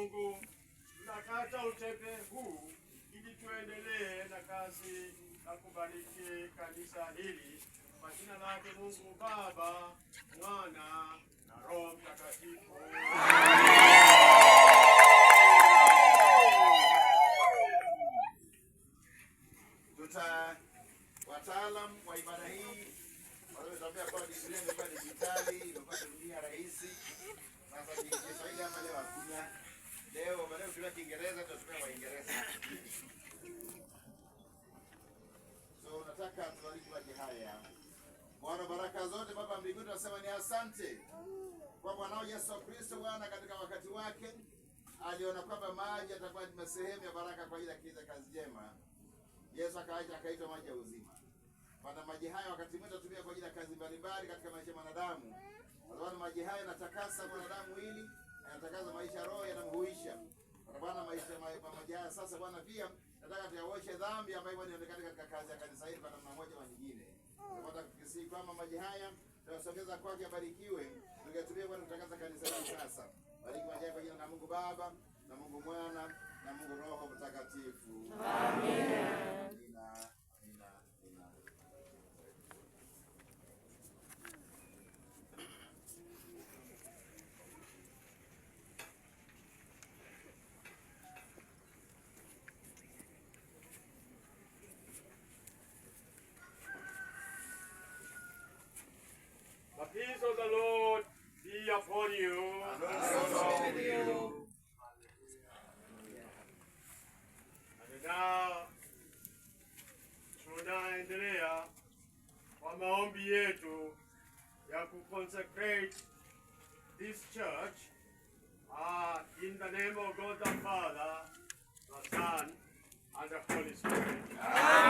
Mungu nakata utepe huu ili tuendelee na kazi na kubariki kanisa hili kwa jina lake Mungu Baba, Mwana na Roho Mtakatifu. Tuta wa ibada hii wanaweza kuwa digitali Kiingereza tutatumia Waingereza. So nataka tuwaliku maji haya. Bwana, baraka zote Baba mbinguni, tunasema ni asante kwa Mwanao Yesu Kristo. Bwana, katika wakati wake aliona kwamba maji atakuwa ni sehemu ya baraka kwa ajili ya kiza kazi njema. Yesu akaacha akaitwa maji ya uzima. Bwana, maji haya wakati mwingine tunatumia kwa ajili ya kazi mbalimbali katika maisha ya mwanadamu. Bwana, maji haya yanatakasa mwanadamu ili yanatakasa maisha roho yanamhu pamoja haya sasa, Bwana, pia nataka tuyaoshe dhambi ambayo Bwana inaonekana katika kazi ya kanisa hili kwa namna moja au nyingine. Tunapata kukisii kwamba maji haya tunasogeza kwake, abarikiwe, tukatumia Bwana kutangaza kanisa hili sasa. Bariki maji haya kwa jina la Mungu Baba na Mungu Mwana na Mungu Roho Mtakatifu. Amen. upon you. And you. And tunaendelea kwa maombi yetu ya consecrate this church uh, in the name of God the Father, the Son, and the Holy Spirit. Amen.